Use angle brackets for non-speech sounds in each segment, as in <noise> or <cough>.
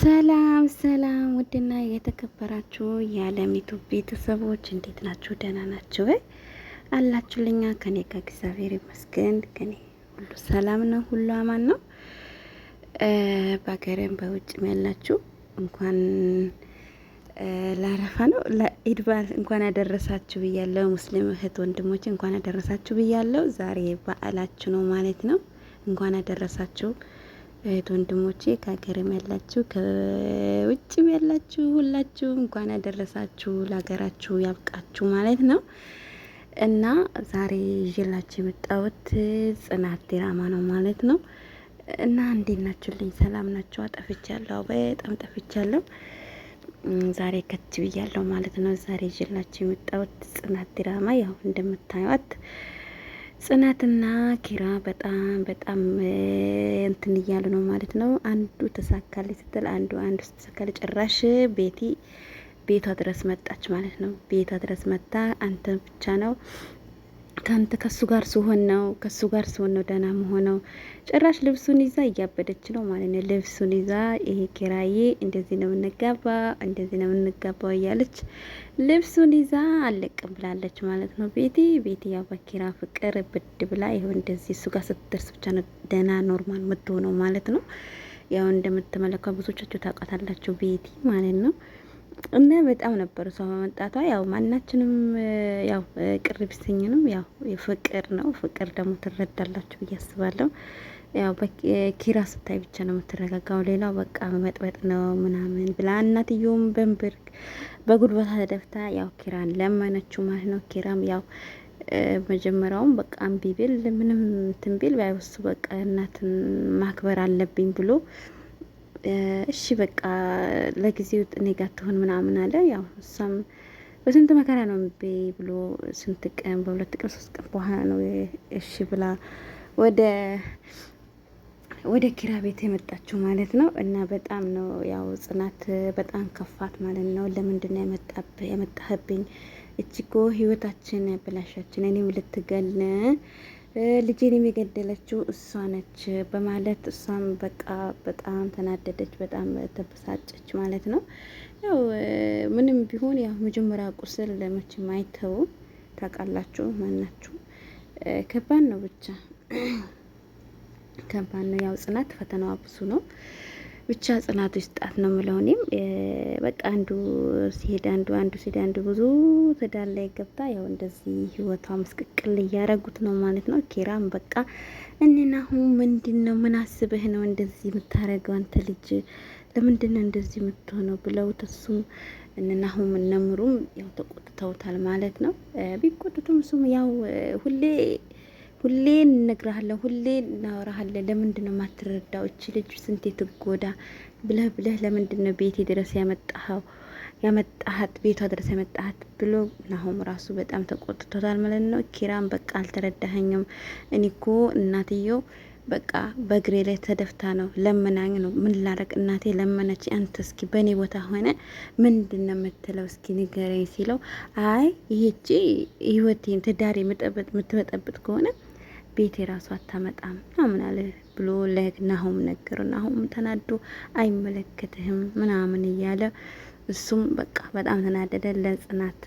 ሰላም ሰላም፣ ውድና የተከበራችሁ የዓለሚቱ ቤተሰቦች እንዴት ናችሁ? ደህና ናችሁ አላችሁልኛ? ከኔ ጋር እግዚአብሔር ይመስገን፣ ከኔ ሁሉ ሰላም ነው፣ ሁሉ አማን ነው። በሀገርም በውጭም ያላችሁ እንኳን ለአረፋ ነው ለኢድ በዓል እንኳን ያደረሳችሁ ብያለሁ። ሙስሊም እህት ወንድሞች እንኳን ያደረሳችሁ ብያለሁ። ዛሬ በዓላችሁ ነው ማለት ነው። እንኳን ያደረሳችሁ እህት ወንድሞቼ ከሀገርም ያላችሁ ከውጭም ያላችሁ ሁላችሁ እንኳን ያደረሳችሁ ለሀገራችሁ ያብቃችሁ ማለት ነው እና ዛሬ ይዤላችሁ የመጣሁት ጽናት ዲራማ ነው ማለት ነው። እና እንዴት ናችሁልኝ? ሰላም ናችሁ? አጠፍቻለሁ፣ በጣም ጠፍቻለሁ። ዛሬ ከች ብያለሁ ማለት ነው። ዛሬ ይዤላችሁ የመጣሁት ጽናት ዲራማ ያው እንደምታዩት ጽናትና ኪራ በጣም በጣም እንትን እያሉ ነው ማለት ነው። አንዱ ተሳካል ስትል አንዱ አንዱ ተሳካል ጭራሽ ቤቲ ቤቷ ድረስ መጣች ማለት ነው። ቤቷ ድረስ መጣ። አንተ ብቻ ነው ከአንተ ከሱ ጋር ሲሆን ነው ከሱ ጋር ሲሆን ነው ደህና መሆነው። ጭራሽ ልብሱን ይዛ እያበደች ነው ማለት ነው። ልብሱን ይዛ ይሄ ኪራዬ እንደዚህ ነው የምንጋባ እንደዚህ ነው የምንጋባው እያለች ልብሱን ይዛ አለቅም ብላለች ማለት ነው። ቤቲ ቤቲ ያው በኪራ ፍቅር ብድ ብላ ይሄው እንደዚህ እሱ ጋር ስትደርስ ብቻ ነው ደህና ኖርማል ምትሆነው ማለት ነው። ያው እንደምትመለከቱ ብዙዎቻችሁ ታውቃታላችሁ ቤቲ ማለት ነው። እና በጣም ነበር እሷ በመምጣቷ ያው ማናችንም ያው ቅር ቢሰኝንም ያው ፍቅር ነው። ፍቅር ደግሞ ትረዳላችሁ ብዬ አስባለሁ። ያው ኪራ ስታይ ብቻ ነው የምትረጋጋው። ሌላው በቃ መጥበጥ ነው ምናምን ብላ እናትየውም በንብርግ በጉልበታ ተደፍታ ያው ኪራን ለመነችው ማለት ነው። ኪራም ያው መጀመሪያውም በቃ እምቢ ቢል ምንም እንትን ቢል ባይወስ በቃ እናትን ማክበር አለብኝ ብሎ እሺ በቃ ለጊዜው እኔ ጋር ትሆን ምናምን አለ። ያው እሷም በስንት መከራ ነው ቤ ብሎ ስንት ቀን በሁለት ቀን ሶስት ቀን በኋላ ነው እሺ ብላ ወደ ወደ ኪራ ቤት የመጣችው ማለት ነው። እና በጣም ነው ያው ጽናት በጣም ከፋት ማለት ነው። ለምንድን ነው የመጣህብኝ? እችኮ ህይወታችን ያበላሻችን እኔም ልትገል ልጄን የገደለችው እሷ ነች በማለት እሷም በቃ በጣም ተናደደች፣ በጣም ተበሳጨች ማለት ነው። ያው ምንም ቢሆን ያው መጀመሪያ ቁስል መቼም አይተውም። ታውቃላችሁ፣ ማናችሁ ከባድ ነው፣ ብቻ ከባድ ነው። ያው ጽናት ፈተናዋ ብዙ ነው። ብቻ ጽናት ይስጣት ነው የምለው። እኔም በቃ አንዱ ሲሄድ አንዱ አንዱ ሲሄድ አንዱ ብዙ ትዳር ላይ ገብታ ያው እንደዚህ ህይወቷ ምስቅቅል እያረጉት ነው ማለት ነው። ኪራም በቃ እንናሁ ምንድን ነው ምን አስበህ ነው እንደዚህ የምታረገው አንተ ልጅ ለምንድን ነው እንደዚህ የምትሆነው ብለው እሱም እንናሁም እነምሩም ያው ተቆጥተውታል ማለት ነው። ቢቆጥቱም እሱም ያው ሁሌ ሁሌ እንነግርሃለን፣ ሁሌ እናወራሃለን። ለምንድን ነው የማትረዳው? እች ልጅ ስንቴ ትጎዳ ብለህ ብለህ ለምንድን ነው ቤቴ ድረስ ያመጣኸው ያመጣሃት ቤቷ ድረስ ያመጣሃት ብሎ ናሆም ራሱ በጣም ተቆጥቶታል ማለት ነው። ኪራም በቃ አልተረዳኸኝም፣ እኔኮ እናትየው በቃ በእግሬ ላይ ተደፍታ ነው ለምናኝ ነው ምን ላረቅ፣ እናቴ ለመነች። አንተ እስኪ በእኔ ቦታ ሆነ ምንድን ነው የምትለው? እስኪ ንገረኝ ሲለው አይ ይሄቺ ህይወቴን ትዳሬ የምትበጠብጥ ከሆነ ቤት የራሱ አታመጣም ምናምን አለ ብሎ ለናሆም ነገር ናሆም ተናዶ አይመለከትህም ምናምን እያለ እሱም በቃ በጣም ተናደደ። ለጽናት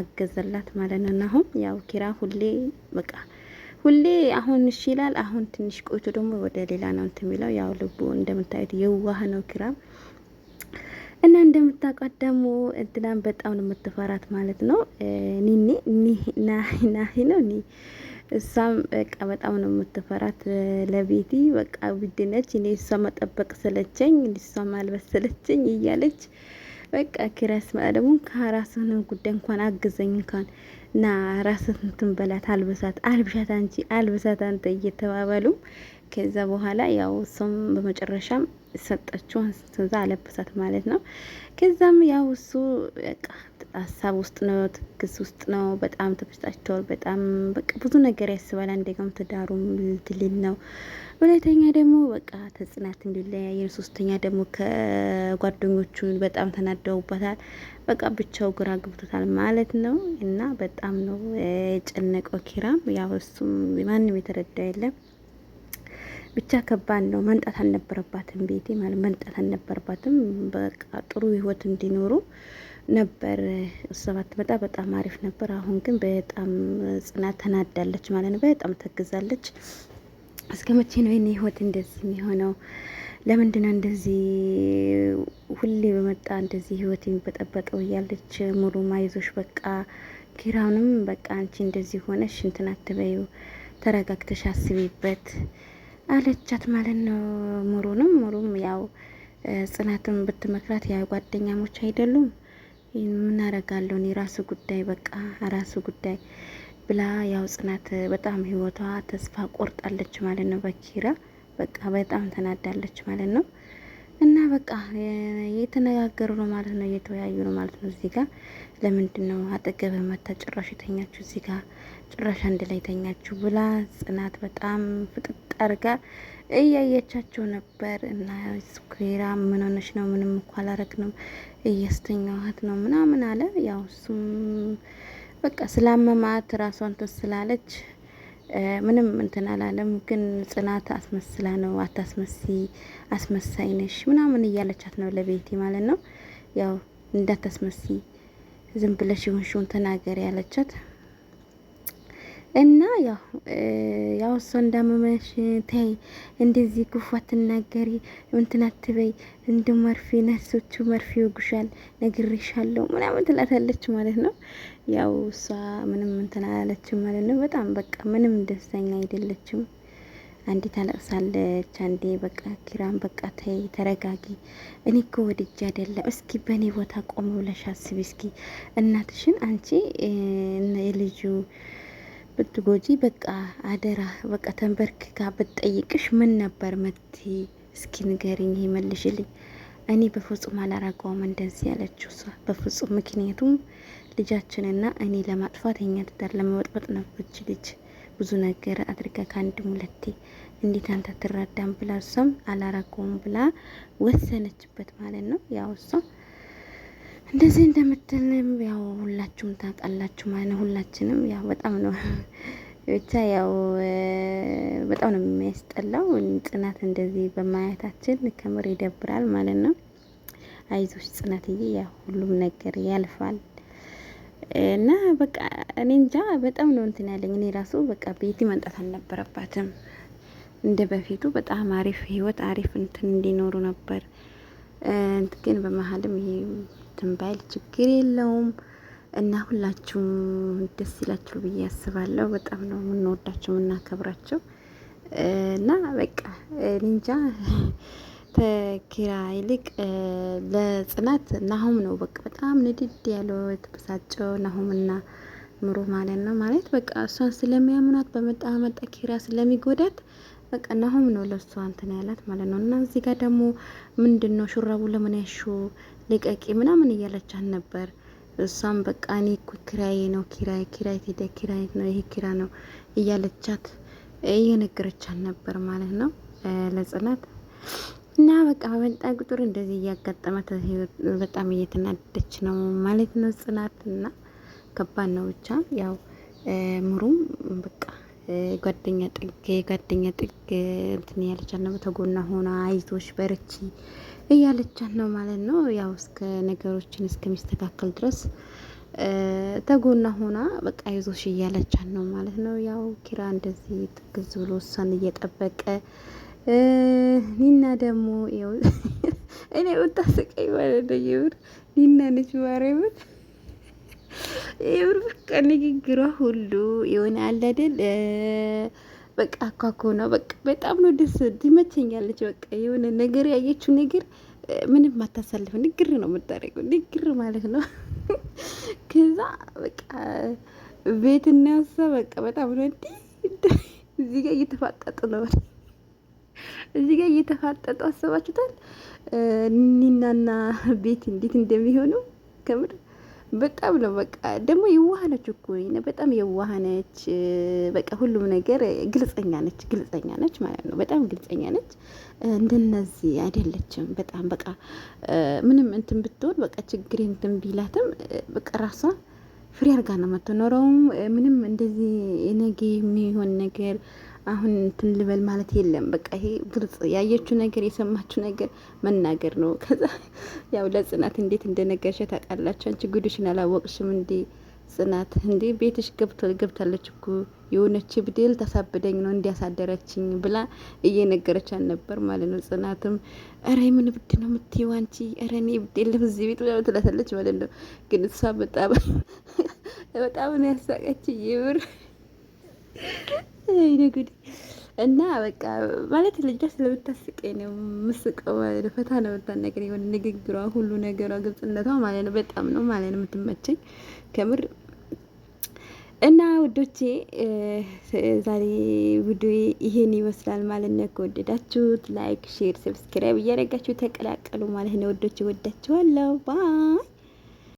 አገዘላት ማለት ነው። ናሆም ያው ኪራ ሁሌ በቃ ሁሌ አሁን እሺ ይላል። አሁን ትንሽ ቆይቶ ደግሞ ወደ ሌላ ነው እንትን የሚለው ያው ልቡ እንደምታዩት የዋህ ነው ኪራ እና እንደምታውቋት ደግሞ እድላን በጣም ነው የምትፈራት ማለት ነው። ኒኒ ኒ ናሂ ናሂ ነው ኒ እሷም በቃ በጣም ነው የምትፈራት ለቤቲ በቃ ውድ ነች። እኔ እሷ መጠበቅ ስለቸኝ፣ እሷ ማልበስ ስለቸኝ እያለች በቃ ኪራይ ስመጣ ደግሞ ከራስህን ጉዳይ እንኳን አግዘኝ እንኳን ና ራስህ እንትን በላት አልብሳት አልብሻት አንቺ አልብሳት አንተ እየተባባሉ ከዛ በኋላ ያው እሱም በመጨረሻም ሰጠችው፣ ከዛ አለብሳት ማለት ነው። ከዛም ያው እሱ በቃ ሀሳብ ውስጥ ነው፣ ትግስ ውስጥ ነው። በጣም ተበሳጭቷል። በጣም በቃ ብዙ ነገር ያስባል። አንደኛም ትዳሩም ልትልል ነው። ሁለተኛ ደግሞ በቃ ተጽናት እንዲለያየን፣ ሶስተኛ ደግሞ ከጓደኞቹ በጣም ተናደውበታል። በቃ ብቻው ግራ ግብቶታል ማለት ነው። እና በጣም ነው የጨነቀው ኪራም። ያው እሱም ማንም የተረዳ የለም። ብቻ ከባድ ነው። መንጣት አልነበረባትም ቤቴ ማለት መንጣት አልነበረባትም። በቃ ጥሩ ህይወት እንዲኖሩ ነበር። እሷ ባትመጣ በጣም አሪፍ ነበር። አሁን ግን በጣም ጽናት ተናዳለች ማለት ነው። በጣም ተግዛለች። እስከ መቼ ነው የኔ ህይወት እንደዚህ የሚሆነው? ለምንድን ነው እንደዚህ ሁሌ በመጣ እንደዚህ ህይወት የሚበጠበቀው? እያለች ሙሉ ማይዞሽ በቃ ኪራውንም በቃ አንቺ እንደዚህ ሆነሽ እንትን አትበዩ፣ ተረጋግተሽ አስቢበት አለቻት ማለት ነው። ሙሩንም ሙሩም ያው ጽናትም ብትመክራት ያው ጓደኛሞች አይደሉም ምን አረጋለሁ እኔ ራሱ ጉዳይ በቃ ራሱ ጉዳይ ብላ ያው ጽናት በጣም ህይወቷ ተስፋ ቆርጣለች ማለት ነው። በኪራ በቃ በጣም ተናዳለች ማለት ነው። በቃ እየተነጋገሩ ነው ማለት ነው፣ እየተወያዩ ነው ማለት ነው። እዚህ ጋር ለምንድን ነው አጠገብ መታ ጭራሽ የተኛችሁ እዚህ ጋር ጭራሽ አንድ ላይ የተኛችሁ ብላ ጽናት በጣም ፍጥጥ አርጋ እያየቻቸው ነበር። እና ስኩራ ምን ነው? ምንም እኮ አላረግንም እያስተኛዋት ነው ምናምን አለ። ያው እሱም በቃ ስላመማት ራሷን ትስላለች። ስላለች ምንም እንትን አላለም። ግን ጽናት አስመስላ ነው አታስመሲ አስመሳይ ነሽ ምናምን እያለቻት ነው ለቤቲ ማለት ነው። ያው እንዳታስመሲ ዝም ብለሽ የሆንሽውን ተናገር ያለቻት እና ያው ያው እሷ እንዳመመሽ ተይ፣ እንደዚህ ክፉ አትናገሪ፣ እንትን አትበይ፣ እንደ መርፌ ነርሶቹ መርፌ ይወጉሻል፣ ነግሬሻለሁ ምናምን ትላታለች ማለት ነው። ያው እሷ ምንም እንትን አላለችም ማለት ነው። በጣም በቃ ምንም ደስተኛ አይደለችም። አንዴ ታለቅሳለች፣ አንዴ በቃ ኪራን በቃ ተይ ተረጋጊ፣ እኔ እኮ ወድጄ አይደለም። እስኪ በእኔ ቦታ ቆም ብለሽ አስቢ እስኪ እናትሽን አንቺ የልጁ ብትጎጂ በቃ አደራ በቃ ተንበርክካ ብትጠይቅሽ ምን ነበር መት እስኪ ንገሪኝ፣ ይመልሽልኝ። እኔ በፍጹም አላረገውም እንደዚህ ያለችው እሷ በፍጹም ምክንያቱም ልጃችንና እኔ ለማጥፋት የኛ ትዳር ለመበጥበጥ ነበች ልጅ ብዙ ነገር አድርጋ ከአንድ ሁለቴ እንዴት አንተ ትረዳም ብላ እሷም አላረገውም ብላ ወሰነችበት ማለት ነው ያው እሷ እንደዚህ እንደምትልም ያው ሁላችሁም ታውቃላችሁ ማለት ነው። ሁላችንም ያው በጣም ነው <laughs> ብቻ ያው በጣም ነው የሚያስጠላው። ጽናት እንደዚህ በማየታችን ከምር ይደብራል ማለት ነው። አይዞች ጽናትዬ፣ ያው ሁሉም ነገር ያልፋል እና በቃ እኔ እንጃ በጣም ነው እንትን ያለኝ። እኔ ራሱ በቃ ቤቲ መምጣት አልነበረባትም። እንደ በፊቱ በጣም አሪፍ ህይወት አሪፍ እንትን እንዲኖሩ ነበር። ግን በመሀልም ይሄ እንትን ባይል ችግር የለውም እና ሁላችሁም ደስ ይላችሁ ብዬ አስባለሁ። በጣም ነው የምንወዳቸው የምናከብራቸው እና በቃ እንጃ ተኪራ ይልቅ ለጽናት ናሆም ነው በቃ በጣም ንድድ ያለው የተበሳጨው ናሆምና ምሩ ማለት ነው። ማለት በቃ እሷን ስለሚያምናት በመጣ መጣ ኪራ ስለሚጎዳት በቃ ናሆም ነው ለእሷ እንትን ያላት ማለት ነው። እና እዚህ ጋር ደግሞ ምንድን ነው ሹራቡ ለምን ያሹ ልቀቂ ምናምን እያለቻት ነበር። እሷም በቃ እኔ እኮ ኪራዬ ነው ኪራይ ኪራይ ሄደ ኪራይ ነው ይሄ ኪራ ነው እያለቻት እየነገረቻት ነበር ማለት ነው ለጽናት እና በቃ በመጣ ቁጥር እንደዚህ እያጋጠማት በጣም እየተናደደች ነው ማለት ነው ጽናት እና ከባድ ነው ብቻ ያው ምሩም በቃ ጓደኛ ጥግ ጓደኛ ጥግ እንትን ያለቻት ነው ተጎና ሆና አይዞሽ በርቺ እያለቻት ነው ማለት ነው። ያው እስከ ነገሮችን እስከሚስተካከል ድረስ ተጎና ሆና በቃ ይዞሽ እያለቻት ነው ማለት ነው። ያው ኪራ እንደዚህ ትግዝ ብሎ እሷን እየጠበቀ ኒና ደግሞ <laughs> እኔ ብታስቀኝ ማለት ነው የምር ኒና ነች ማርያምን የምር በቃ ንግግሯ ሁሉ የሆነ አለ አይደል በቃ አኳኮ ነው። በቃ በጣም ነው ደስ ትመቸኛለች። በቃ የሆነ ነገር ያየችው ነገር ምንም አታሳልፍ፣ ንግር ነው የምታደርገው፣ ንግር ማለት ነው። <laughs> ከዛ በቃ ቤት እናያሳ በቃ በጣም ነው እንዲ እዚህ ጋር እየተፋጠጡ ነው እዚህ ጋር እየተፋጠጡ አሰባችሁታል። ኒናና ቤት እንዴት እንደሚሆኑ ከምር በጣም ነው በቃ ደግሞ የዋህነች እኮ በጣም የዋህነች። በቃ ሁሉም ነገር ግልጸኛ ነች፣ ግልጸኛ ነች ማለት ነው። በጣም ግልጸኛ ነች። እንደነዚህ አይደለችም። በጣም በቃ ምንም እንትን ብትሆን በቃ ችግር እንትን ቢላትም በቃ ራሷ ፍሬ አርጋ ነው የምትኖረውም ምንም እንደዚህ ነገ የሚሆን ነገር አሁን እንትን ልበል ማለት የለም። በቃ ይሄ ግልጽ ያየችው ነገር የሰማችው ነገር መናገር ነው። ከዛ ያው ለጽናት እንዴት እንደነገርሽ ታውቃላችሁ። አንቺ ጉድሽን አላወቅሽም እንዴ ጽናት? እንዴ ቤትሽ ገብታለች እኮ የሆነች ብድል ታሳብደኝ ነው እንዲያሳደረችኝ ብላ እየነገረች ነበር ማለት ነው። ጽናትም ኧረ ምን ብድ ነው የምትይው አንቺ? ኧረ እኔ ብድ የለም እዚህ ቤት ብላ ትላታለች ማለት ነው። ግን እሷ በጣም በጣም ነው ያሳቀች ይብር ይነጉድ እና በቃ ማለት ልጅ ደስ ስለምታስቀኝ ነው ምስቀው ፈታ ነገር የሆነ ንግግሯ ሁሉ ነገሯ ግልጽነቷ ማለት ነው በጣም ነው ማለት ነው የምትመቸኝ ከምር እና ውዶቼ ዛሬ ውዶ ይሄን ይመስላል ማለት ነው። ከወደዳችሁት ላይክ፣ ሼር፣ ሰብስክራይብ እያደረጋችሁ ተቀላቀሉ ማለት ነው። ውዶቼ ወዳችኋለሁ። ባይ